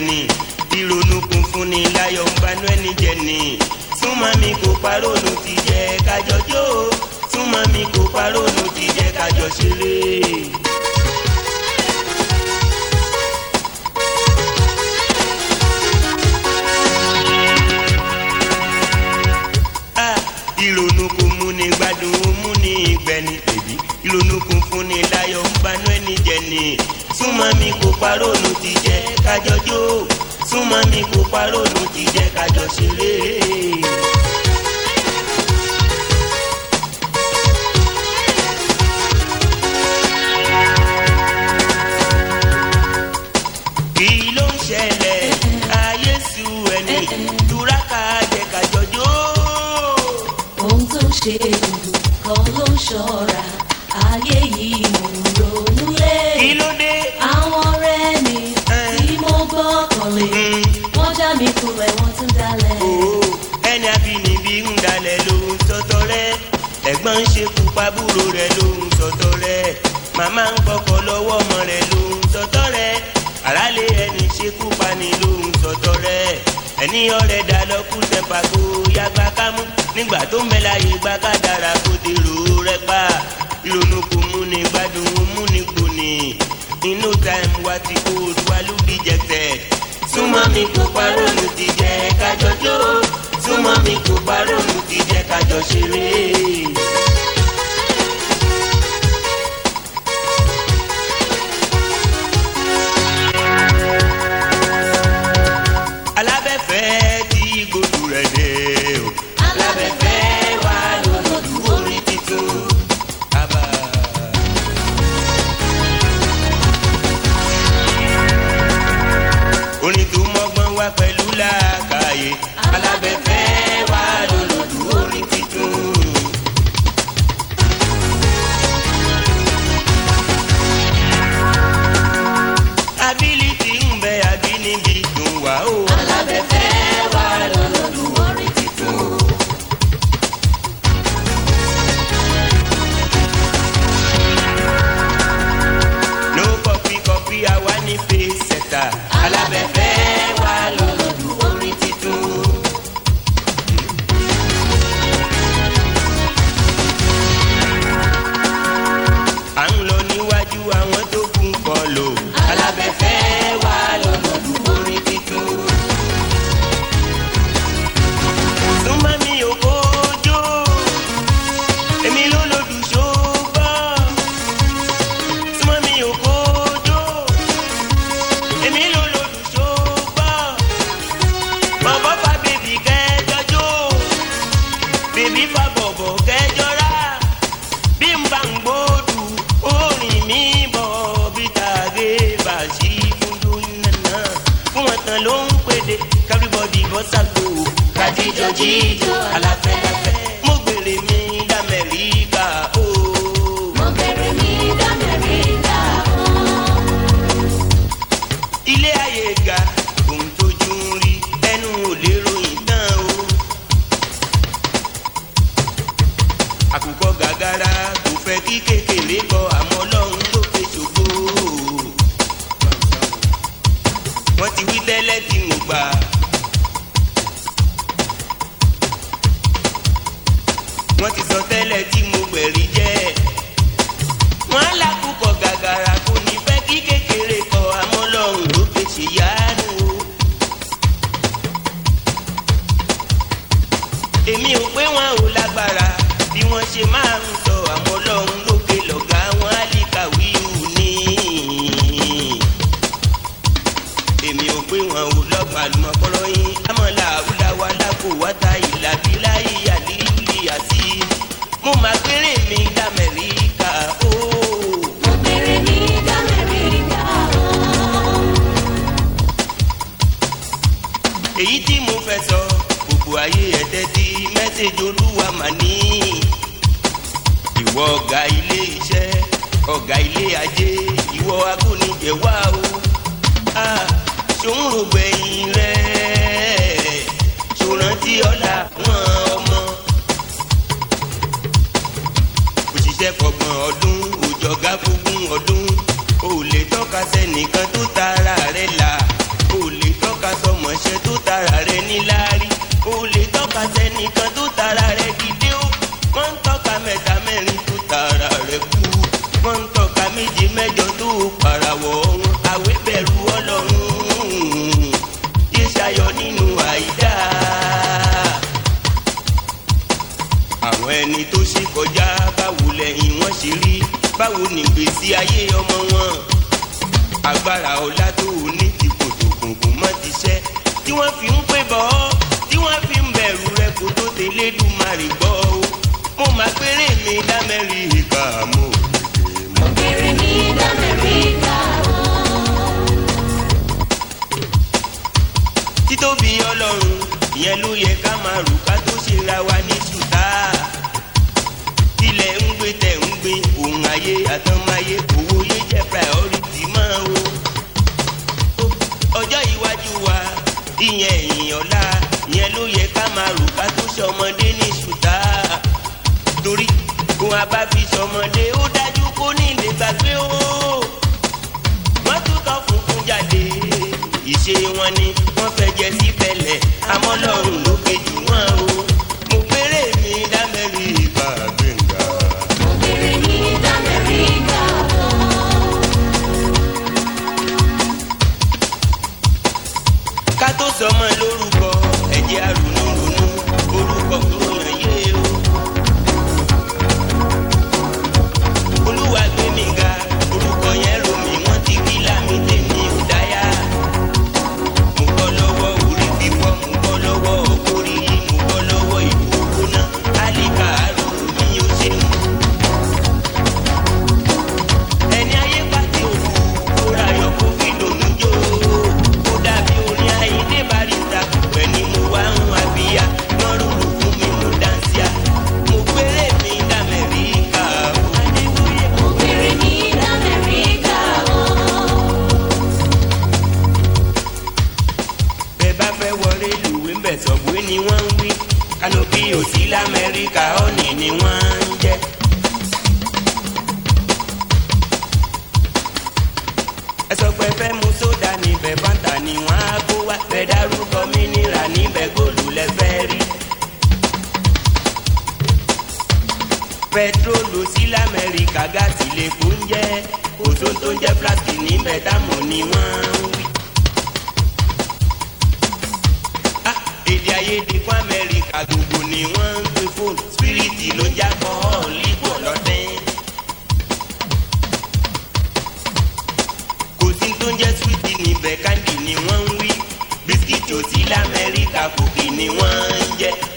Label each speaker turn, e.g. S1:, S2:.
S1: ẹni ìrònú kún fún ni láyọ̀ ń banú ẹni jẹ ni súnmọ́ mi kò parọ́ ònú ti jẹ kájọ jó súnmọ́ mi kò parọ́ ònú ti jẹ kájọ ṣeré. Ah, ìrònú kò mú ni gbádùn ó mú ni ìgbẹ́ni tèbí ìrònú kún fún ni láyọ̀ ń ẹni jẹ ni súnmọ́ mi kò parọ́ ònú ti jẹ kájọ jó mọ́ mi kò parọ́ ló ti jẹ́ kájọ ṣeré. kí ló ṣe èlò kan ló ń ṣọ́ra ayé yìí mú lé wọ́n já mi kulẹ̀ wọ́n tún dalẹ̀. ẹni abínibí ń dalẹ̀ lòun sọ́tọ̀ rẹ̀ ẹ̀gbọ́n ń ṣe pupa búrò rẹ̀ lòun sọ́tọ̀ rẹ̀ màmá ń kọ́kọ́ lọ́wọ́ ọmọ rẹ̀ lòun sọ́tọ̀ rẹ̀ àrálé ẹni ṣekú pani lòun sọ́tọ̀ rẹ̀ ẹni ọ̀rẹ́ dá lọ́kù sẹ́pà kó yàgbá kámú nígbà tó mẹ́la yìí gbá kádàrà kó dèrò rẹ̀ pa ìrònú kò gbádùn mú ni inú táìmù wa ti kó olúwa ló bí jẹ̀tẹ̀ súnmọ́ mi kò parọ́ olùdíje kájọ jó súnmọ́ mi kò parọ́ olùdíje kájọ ṣeré. sàlò kàjíjọ jíjọ aláfẹ́láfẹ́ mo gbèrè mi lamẹ́ríkà o. mo gbèrè mi lamẹ́ríkà o. ilé ayé ga ohun tójú ń rí ẹnu ò lè ròyìn tán o. àkùkọ gàgàrà kò fẹ́ kí kékeré kọ àmọ́. ṣe máa ń sọ àmọ́ lọ́hún lókè lọ́gá wọn á lè kàwé ìhù ní. èmi ò pé wọn ò lọ́gbà lùmọ̀kọ́rọ́ yín àmọ́là àwùláwà lápò wáta ìlàbí láyé àdéhùlì àti mo máa kéré mi lamẹ́ríkà èyí tí mo fẹ́ sọ gbogbo ayé ẹ̀tẹ́ tí mẹ́sẹ̀jì olúwa mà ní ìwọ ọ̀gá ilé iṣẹ́ ọ̀gá ilé ajé ìwọ agúnijẹ wá o ṣòun ò gbẹ̀yìn rẹ̀ ṣòrántí ọ̀la wọn ọmọ. òṣìṣẹ́ fọgbọ̀n ọdún òjọ̀gá fógún ọdún o lè tọ́ka sẹ́nìkan tó tara rẹ̀ là o lè tọ́ka sọmọṣẹ́ tó tara rẹ̀. Elédùmarè gbọ́ o mo máa péré mi lamẹ́ríkà mo pè mo. péré mi lamẹ́ríkà o. títóbi ọlọ́run ìyẹn ló yẹ ká máa rò ká tó ṣe ra wa ní ṣùtá ilẹ̀ ń gbé tẹ̀ ń gbé òun ayé àtọ́máyé owó yé jẹ́ priority máa o ọjọ́ iwájú wa ìyẹn ìyàn ọ̀la ìyẹn ló yẹ ká máa rò ká tó ṣọmọdé ní ṣùtá torí fún abáfi ṣọmọdé ó dájú kó ní ilé gbàgbé o mọ́tò kan funfun jáde ìṣe wọn ni wọ́n fẹ́ jẹ sí bẹ̀lẹ̀ àmọ́ lọ́rùn ló kejì wọn o sọmọ lóru. lamẹ́ríkà ọ̀nì ni wọ́n ń jẹ́. ẹ sọ pé fẹ́ mu sódà níbẹ̀ fanta ni wọ́n á kó wá fẹ́ dárúkọ mínírà níbẹ̀ góòlù lẹ fẹ́ rí. pẹtrólù sí lamẹ́ríkà gáàsì lè kún jẹ́ òtún tó ń jẹ́ plastic níbẹ̀ táwọn ni wọ́n ń ayédè fún amẹ́ríkà gbogbo ni wọ́n ń gbé fún spiriti ló ń jábọ̀ lípò lọ́dẹ́. kò sí tó ń jẹ́ switi níbẹ̀ kandi ni wọ́n ń wí bisikíìtì ò sí lamẹ́ríkà kòkè ni wọ́n ń jẹ́.